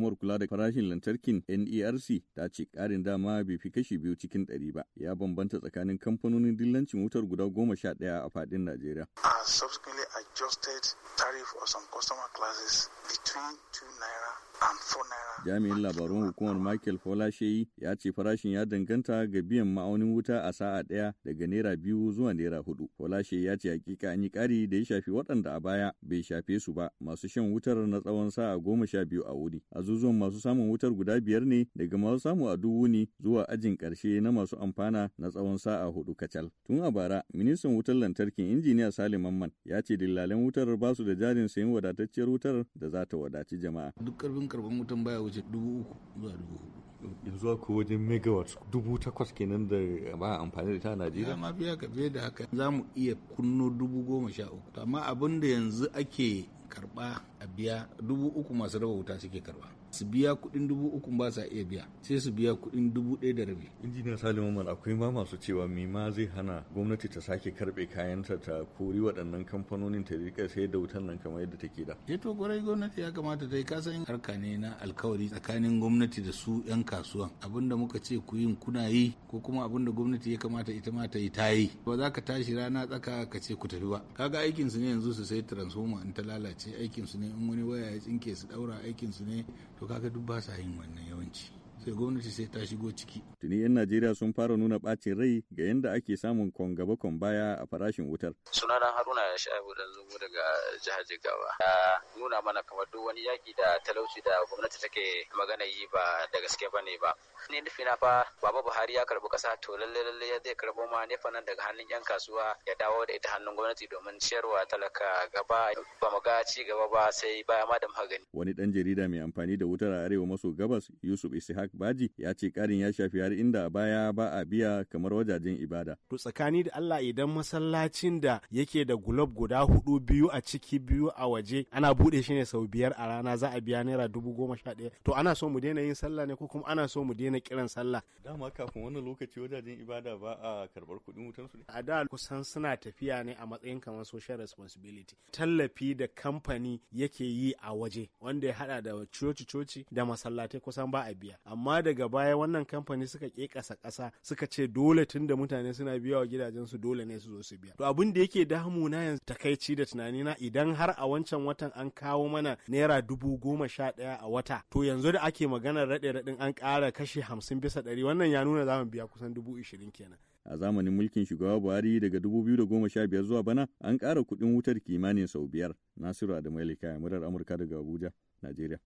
Hukumar kula da farashin lantarkin NERC ta ce ƙarin dama bai fi kashi biyu cikin ɗari ba, ya bambanta tsakanin kamfanonin dillancin wutar guda goma sha ɗaya a faɗin Najeriya. subsequently adjusted tariff some customer classes Jami'in labarun hukumar Michael Folasheyi ya ce farashin ya danganta ga biyan ma'aunin wuta a sa'a ɗaya daga naira biyu zuwa naira hudu. Folasheyi ya ce hakika an yi ƙari da ya shafi waɗanda a baya bai shafe su ba masu shan wutar na tsawon sa'a goma sha biyu a wuri. A zuzuwan masu samun wutar guda biyar ne daga masu samu a dubu ne zuwa ajin ƙarshe na masu amfana na tsawon sa'a hudu kacal. Tun a bara, ministan wutar lantarki injiniya Salim Mamman ya ce dillalan wutar ba su da jarin sayan wadatacciyar wutar da za ta wadaci jama'a. Duk karfin karfin wutan baya wuce dubu uku zuwa dubu hudu. yanzu ko wajen megawatt dubu takwas kenan da ba amfani da ita a Najeriya. Ma biya ka fiye da haka za mu iya kunno dubu goma sha uku. Amma abin da yanzu ake karba a biya dubu uku masu raba wuta suke karba. su biya kuɗin dubu uku ba sa iya biya sai su biya kuɗin dubu ɗaya da rabi. injiniya salim umar akwai ma masu cewa mai ma zai hana gwamnati ta sake karbe kayanta ta kori waɗannan kamfanonin ta rika sai da wutan nan kamar yadda take da. ya eh to gwarai gwamnati ya kamata ta yi kasan harka ne na alkawari tsakanin gwamnati da su 'yan kasuwan da muka ce ku yin kuna yi ko kuma abin da gwamnati ya kamata ita ma ta yi ta yi ba za ka tashi rana tsaka ka ce ku tafi ba kaga aikin su ne yanzu su sai transformer in ta lalace aikin su ne in wani waya ya tsinke su daura aikin su ne to kaga duk ba sa yin wannan yawanci sai gwamnati sai ta shigo ciki. Tuni 'yan Najeriya sun fara nuna ɓacin rai ga yadda ake samun kon baya a farashin wutar. Sunana Haruna ya sha dan zumu daga jihar Jigawa. Ya nuna mana kamar duk wani yaki da talauci da gwamnati take magana yi ba da gaske ba ne ba. Ni nufi na fa Baba Buhari ya karbi kasa to lalle lalle ya zai karbo ma nefa nan daga hannun 'yan kasuwa ya dawo da ita hannun gwamnati domin ciyarwa talaka gaba ba mu ga ci gaba ba sai baya ma da magani. Wani dan jarida mai amfani da wutar a arewa maso gabas Yusuf Ishaq Baji ya ce karin ya shafi har inda baya ba a biya kamar wajajen ibada. To tsakani da Allah idan masallacin da yake da gulob guda hudu biyu a ciki biyu a waje ana buɗe shi ne sau biyar a rana za a biya naira dubu goma sha ɗaya. To ana so mu daina yin sallah ne ko kuma ana so mu daina kiran sallah. Dama kafin wannan lokaci wajajen ibada ba a karɓar kuɗin wutan su A da kusan suna tafiya ne a matsayin kamar social responsibility. Tallafi da kamfani yake yi a waje wanda ya haɗa da coci-coci da masallatai kusan ba a biya. amma daga baya wannan kamfani suka ke kasa kasa suka ce dole tun da mutane suna biya wa su dole ne su zo su biya to abin da yake damu na yanzu takaici da tunani na idan har a wancan watan an kawo mana naira dubu goma sha daya a wata to yanzu da ake maganar raɗe raɗin an kara kashi hamsin bisa ɗari wannan ya nuna zamu biya kusan dubu ishirin kenan a zamanin mulkin shugaba buhari daga 2015 zuwa bana an ƙara kuɗin wutar kimanin sau biyar nasiru adamu ya murar amurka daga abuja najeriya